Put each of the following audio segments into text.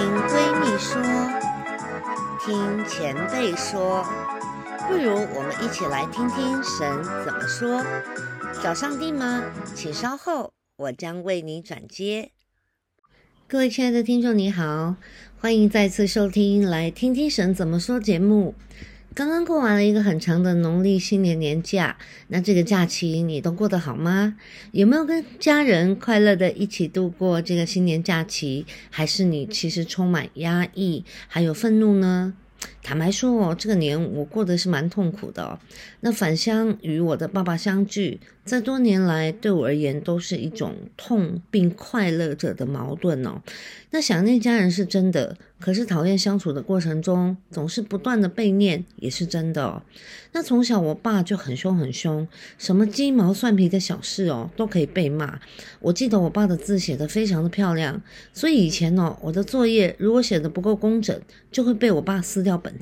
聽閨蜜說，聽前輩說，不如我們一起來聽聽神怎麼說。找上帝嗎？請稍後，我將為你轉接。各位親愛的聽眾，你好，歡迎再次收聽《來聽聽神怎麼說》節目。剛剛過完了一個很長的農曆新年年假，那這個假期你都過得好嗎？有沒有跟家人快樂的一起度過這個新年假期？還是你其實充滿壓抑，還有憤怒呢？坦白說哦，這個年我過得是蠻痛苦的哦。那返鄉與我的爸爸相聚，在多年來對我而言都是一種痛並快樂著的矛盾哦。那想念家人是真的，可是討厭相處的過程中總是不斷的被念也是真的哦。那從小我爸就很凶很凶，什麼雞毛蒜皮的小事哦都可以被罵。我記得我爸的字寫得非常的漂亮，所以以前哦我的作業如果寫的不夠工整，就會被我爸撕掉本。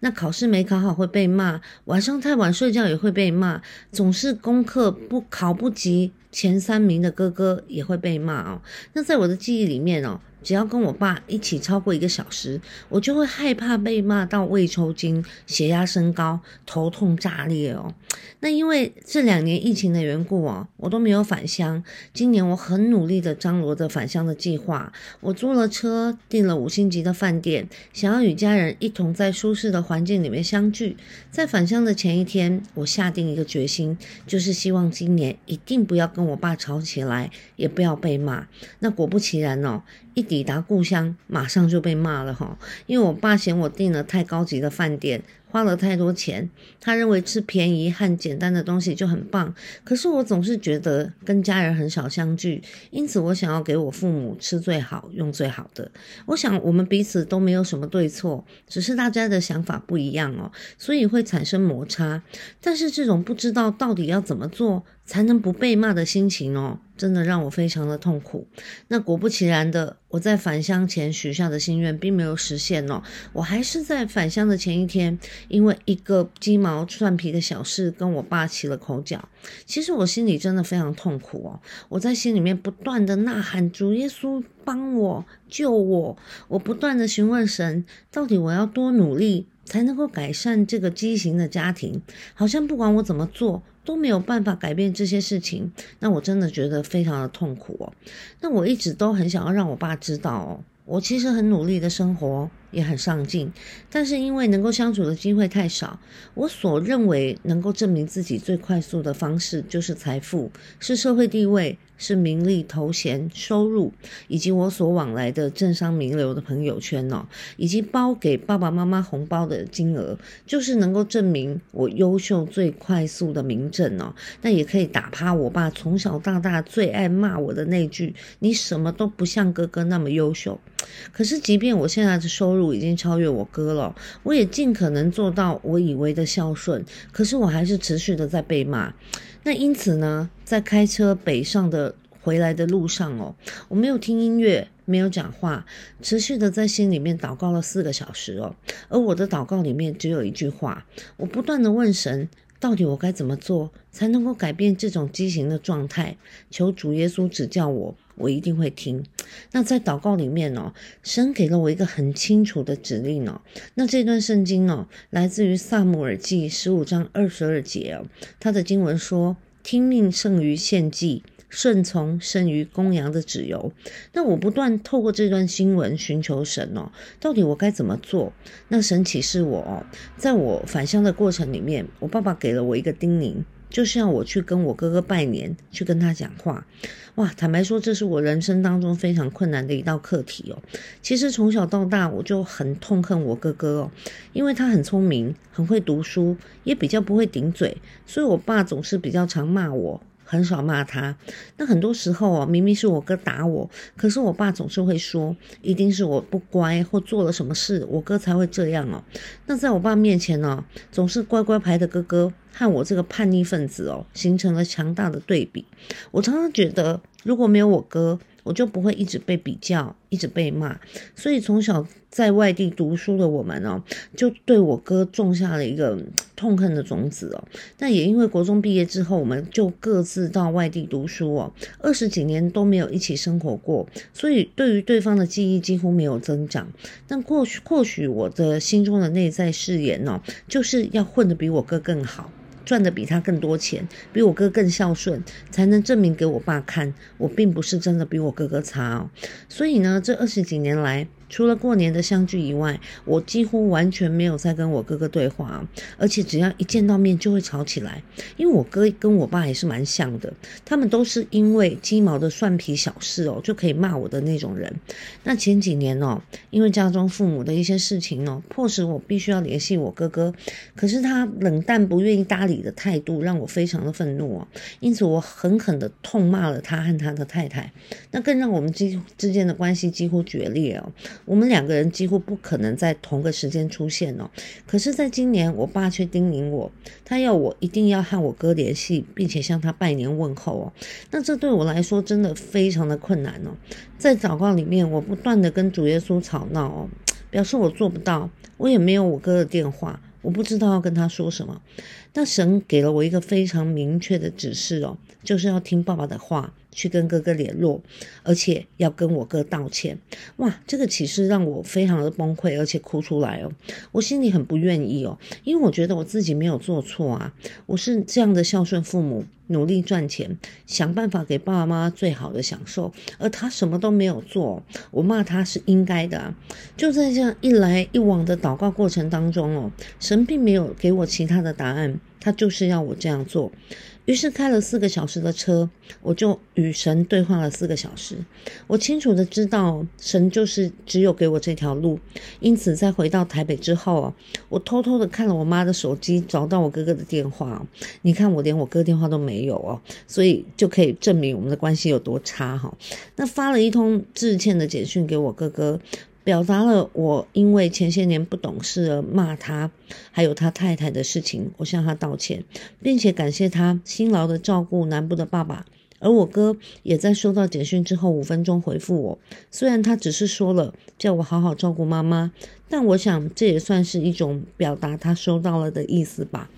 那考試沒考好會被罵，晚上太晚睡覺也會被罵，總是功課不考不及前三名的哥哥也會被罵哦。那在我的記憶裡面哦。只要跟我爸一起超過一個小時，我就會害怕被罵到胃抽筋、血壓升高、頭痛炸裂哦。那因為這兩年疫情的緣故哦，我都沒有返鄉。今年我很努力地張羅着返鄉的計劃，我租了車，訂了五星級的飯店，想要與家人一同在舒適的環境裡面相聚。在返鄉的前一天，我下定一個決心，就是希望今年一定不要跟我爸吵起來，也不要被罵。那果不其然哦。一抵達故鄉，馬上就被罵了哈，因為我爸嫌我訂了太高級的飯店，花了太多錢，他認為吃便宜和簡單的東西就很棒。可是我總是覺得跟家人很少相聚，因此我想要給我父母吃最好、用最好的。我想我們彼此都沒有什麼對錯，只是大家的想法不一樣哦，所以會產生摩擦。但是這種不知道到底要怎麼做。才能不被罵的心情哦，真的讓我非常的痛苦。那果不其然的，我在返鄉前許下的心願並沒有實現哦。我還是在返鄉的前一天，因為一個雞毛蒜皮的小事跟我爸起了口角。其實我心裡真的非常痛苦哦，我在心裡面不斷的吶喊主耶穌，幫我救我。我不斷的詢問神，到底我要多努力？才能夠改善這個畸形的家庭，好像不管我怎麼做都沒有辦法改變這些事情，那我真的覺得非常的痛苦哦。那我一直都很想要讓我爸知道哦，我其實很努力的生活，也很上進，但是因為能夠相處的機會太少，我所認為能夠證明自己最快速的方式就是財富，是社會地位。是名利頭銜、收入，以及我所往來的政商名流的朋友圈哦，以及包給爸爸媽媽紅包的金額，就是能夠證明我優秀最快速的明證哦。那也可以打趴我爸從小到大最愛罵我的那句：“你什麼都不像哥哥那麼優秀。”可是，即便我現在的收入已經超越我哥了，我也盡可能做到我以為的孝順，可是我還是持續的在被罵。那因此呢，在開車北上的回來的路上哦，我沒有聽音樂，沒有講話，持續的在心裡面禱告了四個小時哦。而我的禱告裡面只有一句話，我不斷的問神，到底我該怎麼做，才能夠改變這種畸形的狀態？求主耶穌指教我。我一定會聽。那在禱告裡面呢、哦，神給了我一個很清楚的指令哦。那這段聖經呢、哦，來自於撒母耳記十五章二十二節哦。他的經文說：“聽命勝於獻祭，順從勝於公羊的脂油。”那我不斷透過這段經文尋求神哦，到底我該怎麼做？那神啟示我哦，在我返鄉的過程裡面，我爸爸給了我一個叮嚀。就是要我去跟我哥哥拜年，去跟他講話，哇！坦白說，這是我人生當中非常困難的一道課題哦。其實從小到大，我就很痛恨我哥哥哦，因為他很聰明，很會讀書，也比較不會頂嘴，所以我爸總是比較常罵我。很少罵他，那很多時候哦、啊，明明是我哥打我，可是我爸總是會說，一定是我不乖或做了什麼事，我哥才會這樣哦。那在我爸面前呢、啊，總是乖乖牌的哥哥和我這個叛逆分子哦，形成了強大的對比。我常常覺得。如果沒有我哥，我就不會一直被比較，一直被罵。所以從小在外地讀書的我們哦，就對我哥種下了一個痛恨的種子哦。但也因為國中畢業之後，我們就各自到外地讀書哦，二十幾年都沒有一起生活過，所以對於對方的記憶幾乎沒有增長。但過去，或許我的心中的內在誓言呢、哦，就是要混得比我哥更好。賺的比他更多錢，比我哥更孝順，才能證明給我爸看，我並不是真的比我哥哥差哦。所以呢，這二十幾年來，除了過年的相聚以外，我幾乎完全沒有再跟我哥哥對話，而且只要一見到面就會吵起來。因為我哥跟我爸也是蠻像的，他們都是因為雞毛的蒜皮小事哦就可以罵我的那種人。那前幾年哦，因為家中父母的一些事情哦，迫使我必須要聯繫我哥哥，可是他冷淡不願意搭理的態度讓我非常的憤怒哦，因此我狠狠地痛罵了他和他的太太，那更讓我們之之間的關係幾乎決裂哦。我們兩個人幾乎不可能在同個時間出現哦，可是，在今年，我爸卻叮嚀我，他要我一定要和我哥聯繫，並且向他拜年問候哦。那這對我來說真的非常的困難哦。在禱告裡面，我不斷的跟主耶穌吵鬧哦，表示我做不到，我也沒有我哥的電話，我不知道要跟他說什麼。但神給了我一個非常明確的指示哦，就是要聽爸爸的話。去跟哥哥聯絡，而且要跟我哥道歉。哇，這個其實讓我非常的崩潰，而且哭出來哦。我心裡很不願意哦，因為我覺得我自己沒有做錯啊。我是這樣的孝順父母，努力賺錢，想辦法給爸爸媽媽最好的享受，而他什麼都沒有做哦。我罵他是應該的啊。就在這樣一來一往的禱告過程當中哦，神並沒有給我其他的答案。他就是要我這樣做，於是開了四個小時的車，我就與神對話了四個小時。我清楚的知道，神就是只有給我這條路，因此在回到台北之後啊，我偷偷的看了我媽的手機，找到我哥哥的電話。你看，我連我哥電話都沒有哦，啊，所以就可以證明我們的關係有多差哈。那發了一通致歉的簡訊給我哥哥。表達了我因為前些年不懂事而罵他，還有他太太的事情，我向他道歉，並且感謝他辛勞的照顧南部的爸爸。而我哥也在收到簡訊之後五分鐘回復我，雖然他只是說了叫我好好照顧媽媽，但我想這也算是一種表達他收到了的意思吧。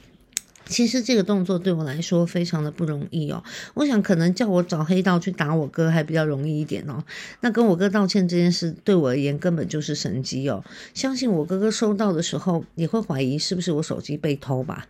其實這個動作對我來說非常的不容易哦。我想可能叫我找黑道去打我哥還比較容易一點哦。那跟我哥道歉這件事對我而言根本就是神蹟哦。相信我哥哥收到的時候也會懷疑是不是我手機被偷吧。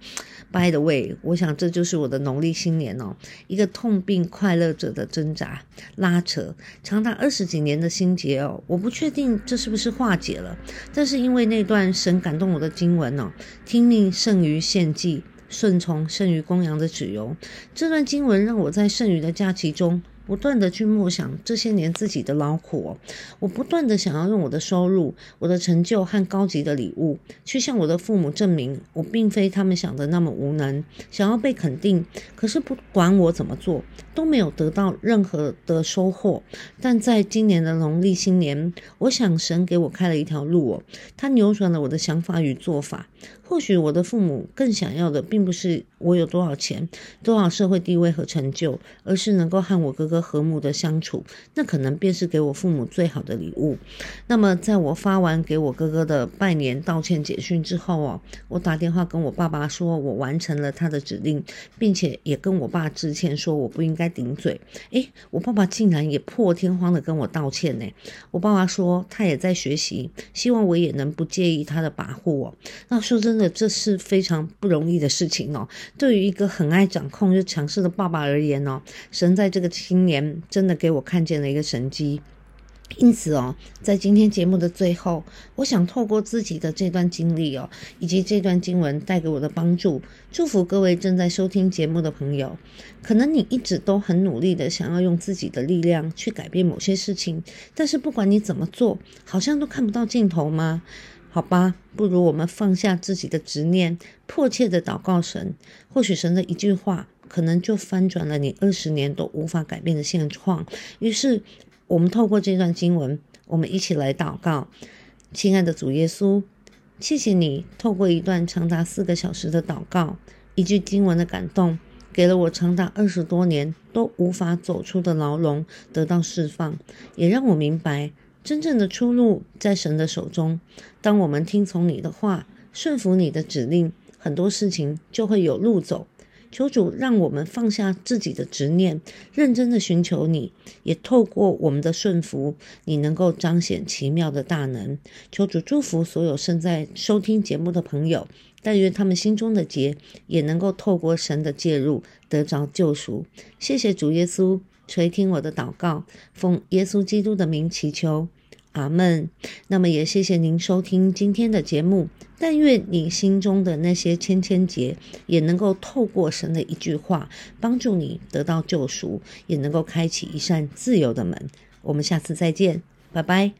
By the way，我想這就是我的農曆新年哦，一個痛並快樂著的掙扎拉扯，長達二十幾年的心結哦。我不確定這是不是化解了，但是因為那段神感動我的經文哦，聽命勝於獻祭。順從勝於公羊的脂油。這段經文讓我在剩餘的假期中不斷的去默想這些年自己的勞苦。我不斷的想要用我的收入、我的成就和高級的禮物，去向我的父母證明我並非他們想的那麼無能，想要被肯定。可是不管我怎麼做，都沒有得到任何的收穫。但在今年的農曆新年，我想神給我開了一條路，他扭轉了我的想法與做法。或許我的父母更想要的，並不是我有多少錢、多少社會地位和成就，而是能夠和我哥哥和睦的相處。那可能便是給我父母最好的禮物。那麼，在我發完給我哥哥的拜年道歉簡訊之後哦，我打電話跟我爸爸說，我完成了他的指令，並且也跟我爸致歉說我不應該頂嘴。哎，我爸爸竟然也破天荒的跟我道歉呢。我爸爸說他也在學習，希望我也能不介意他的跋扈哦。那說真的。這是非常不容易的事情哦。對於一個很愛掌控又強勢的爸爸而言哦，神在這個青年真的給我看見了一個神蹟。因此哦，在今天節目的最後，我想透過自己的這段經歷哦，以及這段經文帶給我的幫助，祝福各位正在收聽節目的朋友。可能你一直都很努力的想要用自己的力量去改變某些事情，但是不管你怎麼做，好像都看不到盡頭嗎？好吧，不如我們放下自己的執念，迫切的禱告神。或許神的一句話，可能就翻轉了你二十年都無法改變的現狀。於是，我們透過這段經文，我們一起來禱告，親愛的主耶穌，謝謝你透過一段長達四個小時的禱告，一句經文的感動，給了我長達二十多年都無法走出的牢籠，得到釋放，也讓我明白。真正的出路在神的手中。當我們聽從你的話，順服你的指令，很多事情就會有路走。求主讓我們放下自己的執念，認真的尋求你。也透過我們的順服，你能夠彰顯奇妙的大能。求主祝福所有正在收聽節目的朋友，但願他們心中的結也能夠透過神的介入得着救贖。謝謝主耶穌。垂聽我的禱告，奉耶穌基督的名祈求，阿門。那麼也謝謝您收聽今天的節目，但願你心中的那些千千結也能夠透過神的一句話，幫助你得到救贖，也能夠開啟一扇自由的門。我們下次再見，拜拜。